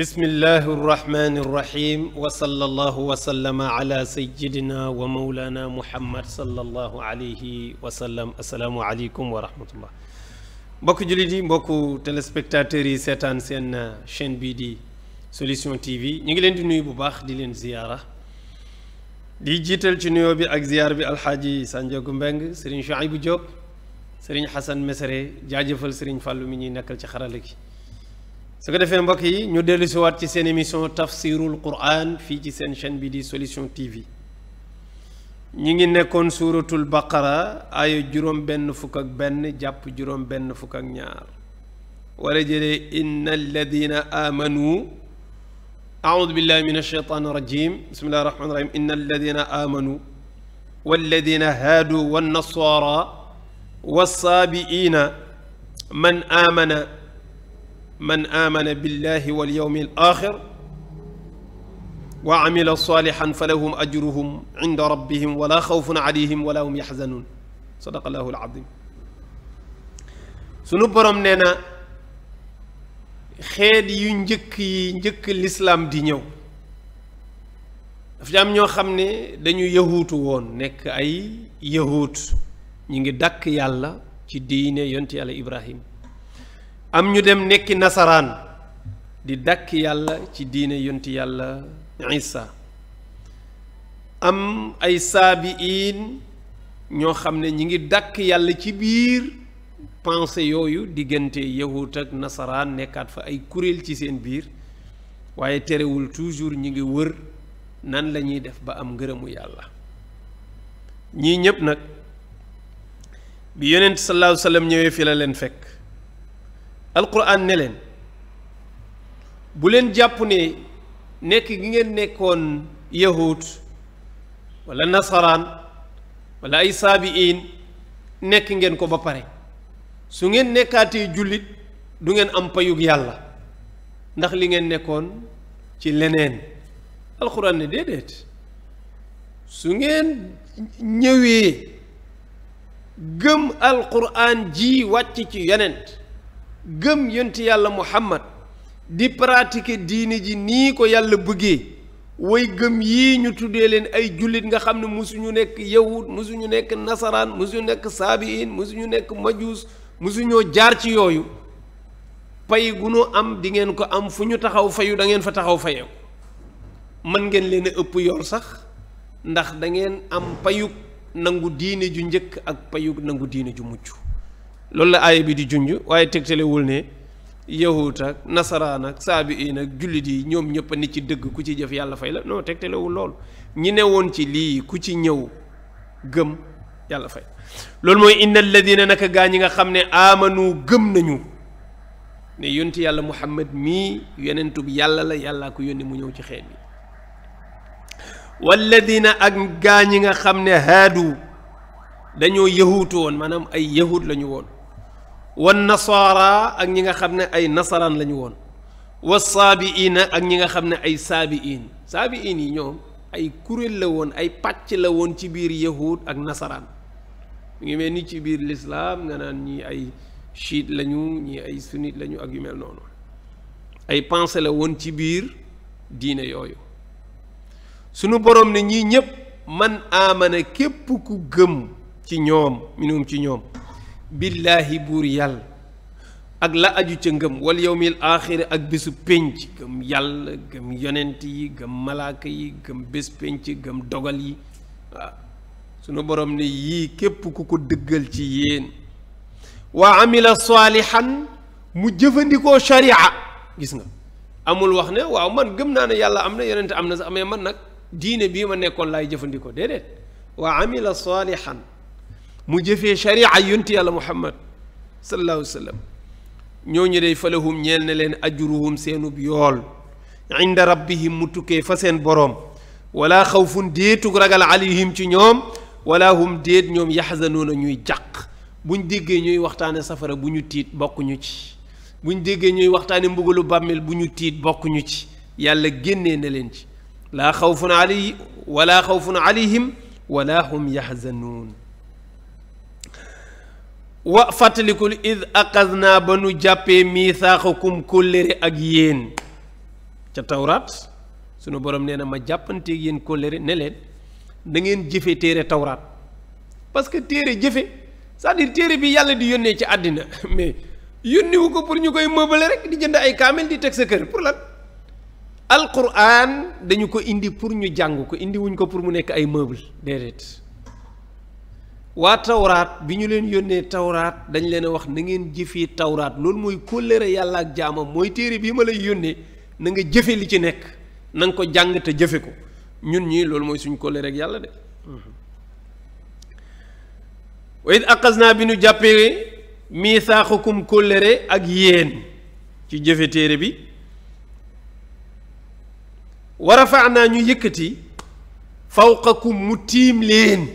bismillahi irrahmani irrahim wa sallallahu wa sallama ala sayidina wa maulana muhammad sallallahu alayhi wa sallam asalaamu aleykum wa rahmatullah mbokku jullit yi mbokku téléspectateurs yi seetaan seen uh, chaîne bii solution tv ñu ngi leen di nuyu bu baax di leen ziyaara di jiital ci nuyo bi ak ziyaar bi alxaaji Sandiogou Mbeng sëriñ Chouaïbou Diop sëriñ Xasan Mesere jaajëfal sëriñ Fàllu mi ñuy nekkal ci xarala gi su ko defee mbokk yi ñu dellu si ci seen émission tafsirul quran fii ci seen chaîne bi di solution tv ñu ngi nekkoon suuratul baqara aaya juróom benn fukk benn jàpp juróom benn fukk ak ñaar wala jëlee inna alladina amanu aoudu billahi min alsheitan irajim bismillahi rahmani rahim inna alladina amanu walladina haadu wannasaara wassaabiina man amana man aamana billahi wal yawmi al axir wa amila salihan fa lahum ajruhum inda rabbihim wala xawfun alayhim wala hum yaxzanuun sadaqallahu alazim sunu borom nee na xeet yu njëkk yi njëkk lislaam di ñëw dafa am ñoo xam ne dañu yahuutu woon nekk ay yahuut ñu ngi dàkk yàlla ci diine yonti yàlla Ibrahim am ñu dem nekki nasaraan di dàkk yàlla ci diine yonti yàlla isa am ay saabiin ñoo xam ne ñi ngi dàkk yàlla ci biir pensée yooyu diggante yahut ak nasaraan nekkaat fa ay kuréel ci seen biir waaye terewul toujours ñi ngi wër nan lañuy def ba am ngërëmu yàlla ñii ñépp nag bi yonent sallallahu ñëwee fii la leen fekk alquran ne leen bu jàpp ne nekk gi ngeen nekkoon yahud wala nasaraan wala ay saabiin nekk ngeen ko ba pare su ngeen nekkaatee jullit du ngeen am payug yàlla ndax li ngeen nekkoon ci leneen alxuraan ne déedéet su ngeen ñëwee gëm alxuraan ji wàcc ci yonent gëm yonti yàlla muhammad di pratiquer diine ji nii ko yàlla bëggee woy gëm yii ñu tuddee leen ay jullit nga xam ne musuñu nekk yawut musuñu nekk nasaraan musuñu nekk saabiin musuñu nekk majuus musuñoo jaar ci yooyu pay gu noo am di ngeen ko am fu ñu taxaw fayu dangeen fa taxaw fayew mën ngeen leen a ëpp yool sax ndax dangeen am payug nangu diine ju njëkk ak payug nangu diine ju mucc loolu la aaya bi di junj waaye tegtalewul ne yahuut ak nasaraan ak saabiin nag jullit yi ñoom ñëpp a nit ci dëgg ku ci jëf yàlla fay la noo tegtalewul lool ñi ne woon ci lii ku ci ñëw gëm yàlla fay loolu mooy inna alladina naka gaa ñi nga xam ne amanu gëm nañu ne yonti yàlla muhammad mii yonentub yàlla la yàllaa ko yónni mu ñëw ci xeet bi walladina ak gaa ñi nga xam ne haadu dañoo yahuutu woon maanaam ay yahud lañu woon wa nasaara ak ñi nga xam ne ay nasaraan lañu ñu woon wa saabiina ak ñi nga xam ne ay saabiin saabiin yi ñoom ay kuréel la woon ay pàcc la woon ci biir yahuud ak nasaraan mu ngi mel ni ci biir lislaam nga naan ñii ay chiit lañu ñii ay sunnit lañu ak yu mel noonu ay pensée la woon ci biir diine yooyu sunu boroom ne ñii ñépp man aamana képp ku gëm ci ñoom minum ci ñoom billaahi buur yàlla ak la aju ca ngëm wal yawmil aaxiri ak bésu pénc gëm yàlla gëm yonent yi gëm malaaka yi gëm bés pénc gëm dogal yi waaw sunu borom ne yii képp ku ko dëggal ci yéen waa amila saalihan mu jëfandikoo sharia gis nga amul wax ne waaw man gëm naa ne yàlla am na yonent am na sax amee man nag diine bii ma nekkoon laay jëfandikoo déedéet waa amila saalihan mu jëfee sharia yonti yàlla muhammad sallallahu alayhi wa sallam ñooñu day falahum ñeel na leen ajruhum seenub yool inda rabbihim mu tukkee fa seen boroom wala xawfun déetu ragal alayhim ci ñoom walaa hum déet ñoom yaxzanuuna ñuy jàq buñ déggee ñuy waxtaane safara bu ñu tiit bokkuñu ci buñ déggee ñuy waxtaane mbugalu bàmmeel bu ñu tiit bokkuñu ci yàlla génnee na leen ci laa xawfun alayhi wala xawfun alayhim wala hum yaxzanuun wa fàttalikul id aqaz naa ba nu jàppee miisaaxakum kóllëre ak yéen ca tawraat sunu borom nee na ma jàppanteeg yéen kóllëre ne leen da ngeen jëfe téere tawraat parce que téere jëfe cest téere bi yàlla di yónnee ci àddina mais yónniwu ko pour ñu koy mëbale rek di jënd ay kaamel di teg sa kër pour lan alquran dañu ko indi pour ñu jàng ko indiwuñ ko pour mu nekk ay meuble déedéet waa tawraat bi ñu leen yónnee tawraat dañ leen a wax na ngeen jëfee tawraat loolu mooy kóllëre yàlla ak jaamam mooy téere bii ma lay yónnee na nga jëfe li ci nekk na ko jàng te jëfe ko ñun ñii loolu mooy suñ kóllëre ak yàlla de wa id aqasnaa bi nu jàppee miisaaxukum kóllëre ak yéen ci jëfe téere bi wa rafaanaa ñu yëkkati fawqakum mu tiim leen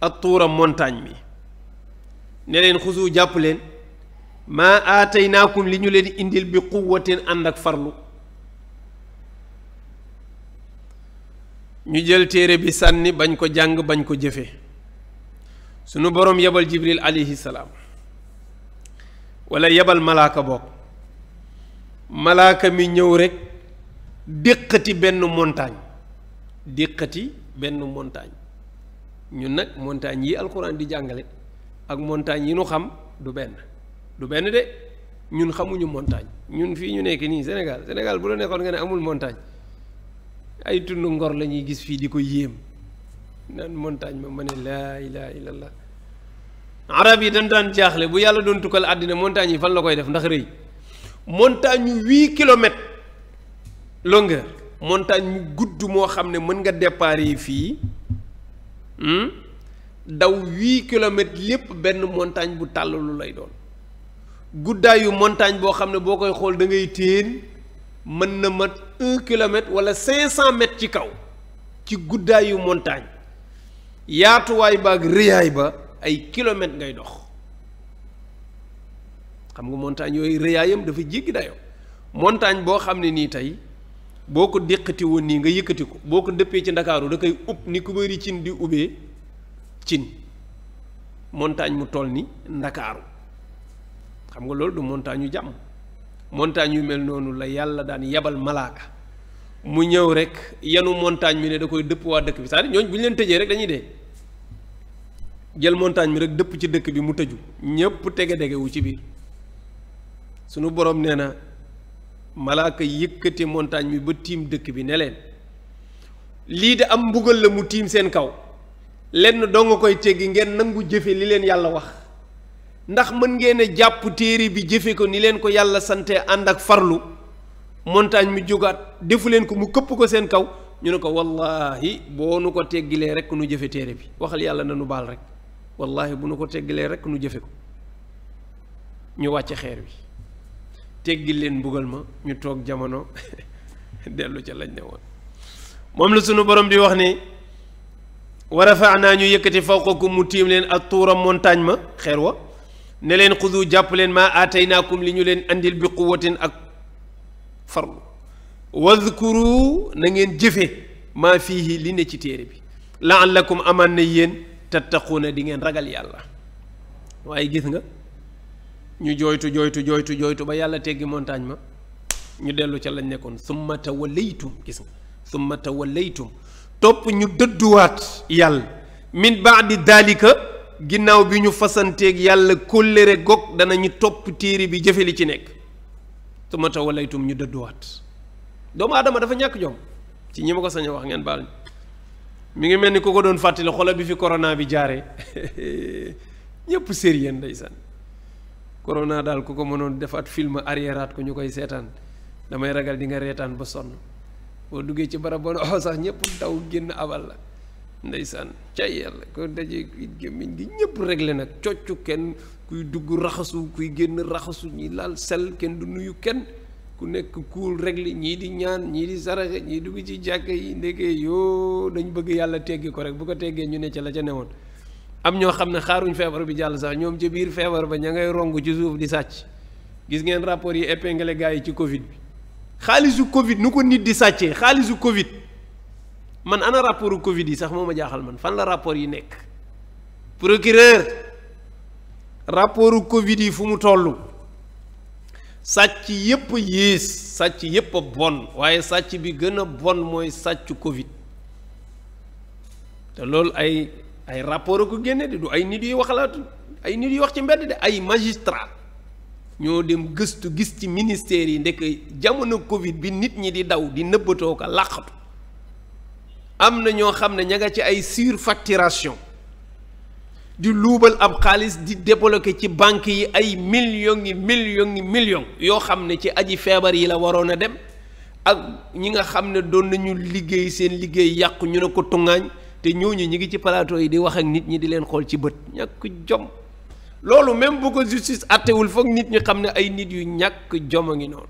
ak tuura montagne bi ne leen xusu jàpp leen maa aataynaakum li ñu leen indil bi quwwatin ànd ak farlu ñu jël téere bi sànni bañ ko jàng bañ ko jëfe sunu boroom yebal jibril alayhi salaam wala yebal malaaka boog malaaka mi ñëw rekk déqati benn montagne déqati benn montagne ñun nag montagne yi alxuraan di jàngale ak montagne yi nu xam du benn du benn de ñun xamuñu montagne ñun fii ñu nekk nii Sénégal Sénégal bu la nekkoon nga ne amul montagne ay tund ngor la ñuy gis fii di ko yéem naan montagne ma ma ne laa ilaha illallah arab yi dañ daan jaaxle bu yàlla doon tukkal àddina montagne yi fan la koy def ndax rëy montagne yu huit kilomètres longueur montagne mu gudd moo xam ne mën nga départ yi fii Hmm? daw huit kilomètres lépp benn montagne bu tàllalu lay doon guddaayu montagne boo xam ne boo koy xool da ngay téen mën na ma un kilomètre wala cinq mètres ci kaw ci guddaayu montagne yaatuwaay ba ak rëyaay ba ay kilomètres ngay dox xam nga montagne yooyu rëyaayam dafa jéggi dayoo montagne boo xam ne nii tey boo ko déqati woon nii nga yëkkati ko boo ko dëppee ci ndakaaru da koy ub ni ku bëri cin di ubbee cin montagne mu toll ni ndakaaru xam nga loolu du montagne yu jàmm montagne yu mel noonu la yàlla daan yebal malaaka mu ñëw rek yanu montagne bi ne da koy dëpp waa dëkk bi c'est-à-dire bu ñu leen tëjee rek dañuy dee jël montagne bi rek dëpp ci dëkk bi mu tëju ñépp tege degewu ci biir sunu borom nee na malaaka yëkkate montagne bi ba tiim dëkk bi ne leen lii de am mbugal la mu tiim seen kaw lenn doo nga koy teggi ngeen nangu jëfe li leen yàlla wax ndax mën ngeen a jàpp téere bi jëfe ko ni leen ko yàlla sante ànd ak farlu montagne mi jógaat defu leen ko mu këpp ko seen kaw ñu ne ko wallaahi boo nu ko teggilee rek nu jëfe téere bi waxal yàlla na nu baal rek wallaahi bu nu ko teggilee rekk nu jëfe ko ñu wàcce xeer bi teggi leen mbugal ma ñu toog jamono dellu ca lañ ne woon moom la sunu borom di wax ni wa naa ñu yëkkati fawqakum mu tiim leen ak tuura montagne ma xeer wa ne leen xudu jàpp leen maa aataynaakum li ñu leen indil bi quwatin ak farlu wadkuru na ngeen jëfe maa fii li ne ci téere bi la laallakum amaan na yéen tattaquuna di ngeen ragal yàlla waaye gis nga ñu jooytu jooytu jooytu jooytu ba yàlla teggi montagne ma ñu dellu ca lañ nekkoon summa tawallaytum gis nga summa tawallaytum topp ñu dëdduwaat yàlla min baadi daalika ginnaaw bi ñu fasanteeg yàlla kóllëre gog ñu topp téere bi jëfe li ci nekk summa tawallaytum ñu dëdduwaat doomu aadama dafa ñàkk jom ci ñi ma ko sañ wax ngeen baal mi ngi mel ni ku ko doon fàttali xoolal bi fi corona bi jaaree ñëpp sérieux ndeysaan corona daal ku ko mënoon defaat film arriéraat ko ñu koy seetaan damay ragal di nga reetaan ba sonn boo duggee ci barab boo oh, sax ñëpp daw génn abal la ndeysaan cay yàlla ko daje gémmiñ gi ñëpp réglé nag coccu kenn kuy dugg raxasu kuy génn raxasu ñi laal sel kenn du nuyu kenn ku nekk kuul réglé ñii di ñaan ñii di saraxe ñii dugg ci jàkka yi ndekee yoo dañ bëgg yàlla teggi ko rek bu ko teggee ñu ne ca la ca woon am ñoo xam ne xaaruñ feebar bi jàll sax ñoom ci biir feebar ba ña ngay rong ci suuf di sàcc gis ngeen rapport yi épinglé gars yi ci Covid bi xaalisu Covid nu ko nit di sàccee xaalisu Covid man ana rapportu Covid yi sax moo ma jaaxal man fan la rapport yi nekk procureur rapportu Covid yi fu mu toll sàcc yépp yées sàcc yépp a bon waaye sàcc bi gën a bon mooy sàcc Covid te loolu ay. ay rapport a ko génne de du ay nit yuy waxalaatu ay nit yuy wax ci mbedd de ay magistrat ñoo dem gëstu gis ci ministère yi ndekk jamono Covid bi nit ñi di daw di nëbbatoo ko làqatu am na ñoo xam ne ña nga ci ay surfacturation di luubal ab xaalis di débloqué ci banque yi ay millions yi millions yi millions yoo xam ne ci aji feebar yi la waroon a dem ak ñi nga xam ne doon nañu liggéey seen liggéey yàqu ñu ne ko tuŋaañ te ñooñu ñi ngi ci plateau yi di wax ak nit ñi di leen xool ci bët ñàkk jom loolu même bu ko justice àttewul foog nit ñi xam ne ay nit yu ñàkk jom a ngi noonu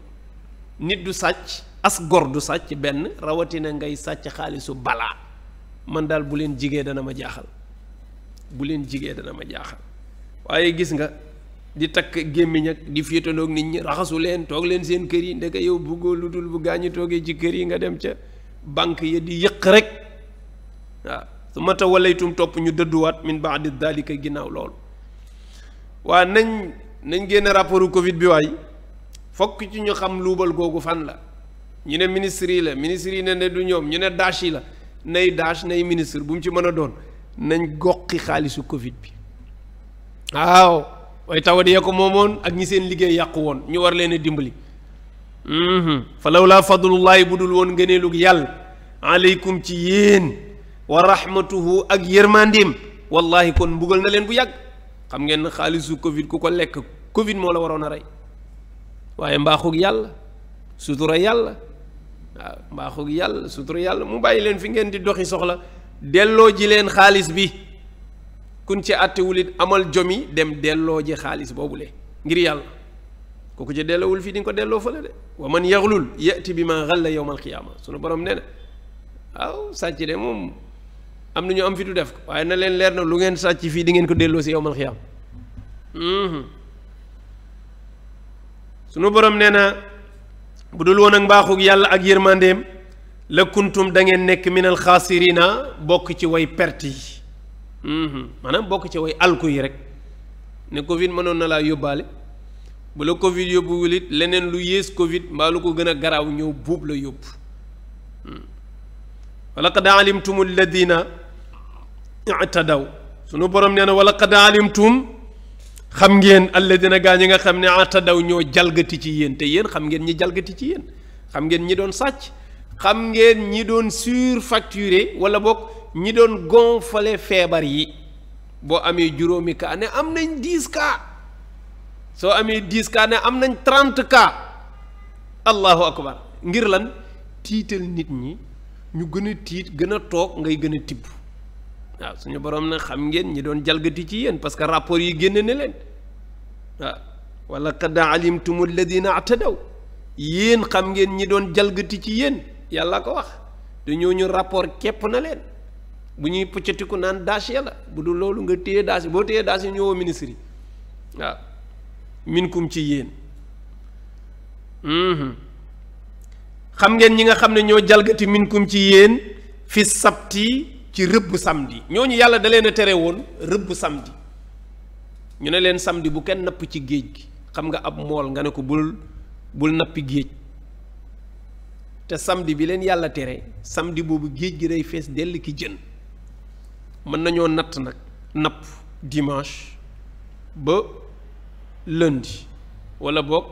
nit du sàcc as gor du sàcc benn rawatina ngay sàcc xaalisu balaa man daal bu leen jigee dana ma jaaxal bu leen jigéen dana ma jaaxal waaye gis nga di takk gémmiñ ak di féetaloog nit ñi raxasu leen toog leen seen kër yi ndeke yow bëggoo lu dul bu gaañu toogee ci kër yi nga dem ca banque yi di yëq rek waaw su ma tawallaytum topp ñu dëdduwaat min di dalika ginnaaw loolu waa nañ nañ génne rapportu Covid bi waay fokk ci ñu xam luubal googu fan la ñu ne ministre yi la ministre yi ne ne du ñoom ñu ne dash la nay dash nay ministre bu mu ci mën a doon nañ goqi xaalisu Covid bi waaw waaye tawat yee ko moomoon ak ñi seen liggéey yàqu woon ñu war leen a dimbali mhm. fa law laa bu dul woon ngëneelug yàlla aleykum ci yéen wa rahmatuhu ak yërmandeem wallahi kon mbugal na leen bu yàgg xam ngeen ne xaalisu covid ku ko lekk covid moo la waroon a rey waaye mbaaxug yàlla sutura yàlla waaw mbaaxug yàlla sutura yàlla mu bàyyi leen fi ngeen di doxi soxla delloo ji leen xaalis bi kun ci àttewul it amal jomi dem delloo ji xaalis boobule ngir yàlla kooku ci delloowul fii di ko delloo fa fële de wa man yaxlul yati bi ma xalla yowm alqiyaama sunu borom nee na waaw sàcc de moom am na ñu am fitu def ko waaye na leen leer na lu ngeen sàcc fii di ngeen ko delloo si yowmal xiyaam mhm. sunu borom nee na bu dul woon ak mbaaxug yàlla ak yërmandeem la kuntum da ngeen nekk minal xaasirina bokk ci way perte yi mhm. maanaam bokk ci way alku yi rek ne Covid mënoon na laa yóbbaale bu la Covid yóbbuwul it leneen lu yées Covid mbaa lu ko gën a garaaw ñëw buub la yóbbu mhm. wa laqad alimtum alladina i'tadaw sunu borom nee na wala qad alimtum xam ngeen alladina gaa ñi nga xam ne daw ñoo jalgati ci yéen te yéen xam ngeen ñi jalgati ci yéen xam ngeen ñi doon sàcc xam ngeen ñi doon surfacturé wala boog ñi doon gonfale feebar yi boo amee juróomi cas ne am nañ diis cas soo amee dix cas ne am nañ trente cas allahu akbar ngir lan tiital nit ñi ñu gën a tiit gën a toog ngay gën a tibb waaw suñu borom na xam ngeen ñi doon jalgati ci yéen parce que rapport yi génn na leen waaw wala qad alimtum alladina atadaw yéen xam ngeen ñi doon jalgati ci yéen yàlla ko wax dañoo ñu rapport képp na leen bu ñuy pëccatiku naan daas ya la bu dul loolu nga téye daas yi boo téye daas yi ñëwoo ministre yi waaw minkum ci yéen mhm. xam ngeen ñi nga xam ne ñoo jalgati minkum ci yéen fi sabti ci rëbb samedi ñooñu yàlla da leen a tere woon rëbb samedi ñu ne leen samedi bu kenn napp ci géej gi xam nga ab mool nga ne ko bul bul nappi géej te samdi bi leen yàlla tere samdi boobu géej gi day fees dell ki jën mën nañoo natt nag napp dimanche ba lundi wala boog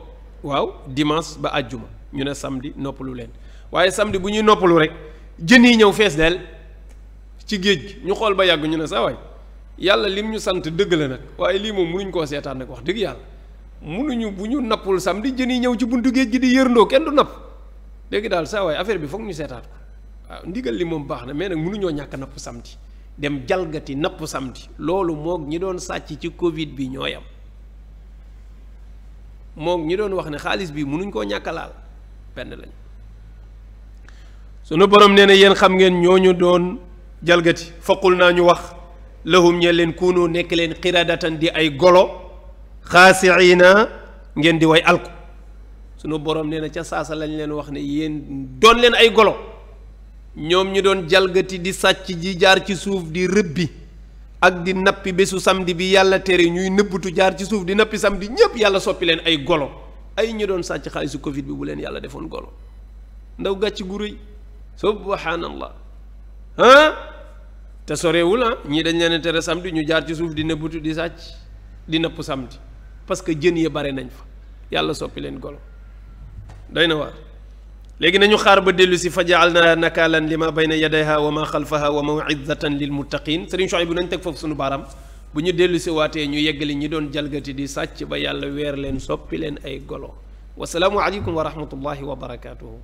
waaw dimanche ba àjjuma ñu ne samedi noppalu leen waaye samedi bu ñuy noppalu rek jën yi ñëw fees dell ci géej gi ñu xool ba yàgg ñu ne sa yàlla lim ñu sant dëgg la nag waaye lii moom mënuñ koo seetaan nag wax dëgg yàlla mënuñu bu ñu nappul samedi jën yi ñëw ci buntu géej gi di yërndoo kenn du napp léegi daal saa waay affaire bi foog ñu seetaat ko waaw ndigal li moom baax na mais nag mënuñoo ñàkk napp samedi dem jalgati napp samedi loolu moog ñi doon sàcc ci Covid bi ñoo yam moog ñi doon wax ne xaalis bi mënuñ koo ñàkk laal benn lañ sunu borom nee na yéen xam ngeen ñooñu doon. jalgati faqul naa ñu wax lahum ñe leen kuunu nekk leen xiradatan di ay golo yi na ngeen di way alku sunu borom nee na ca saasa lañ leen wax ne yéen doon leen ay golo ñoom ñu doon jalgati di sàcc ji jaar ci suuf di rëbbi ak di nappi bésu di bi yàlla tere ñuy nëbbutu jaar ci suuf di nappi di ñépp yàlla soppi leen ay golo ay ñu doon sàcc xaalisu covid bi bu leen yàlla defoon golo ndaw gàcc gu rëy subhanallah te sorewul a ah. ñii dañ leen tere samedi ñu jaar ci suuf di nëbbutu di sàcc di nëpp samedi parce que jën yi bare nañ fa yàlla soppi leen golo doy na waar léegi nañu xaar ba dellu si fa jaal na nakaalan li ma bayna yadayha wa ma xalfaha wa mawidatan lil muttaqin sëriñ Chouaib bu nañ teg foofu sunu baaraam bu ñu dellu si waatee ñu yeggali ñi doon jalgati di sàcc ba yàlla weer leen soppi leen ay golo wasalaamu aleykum wa rahmatullahi wa barakatuhu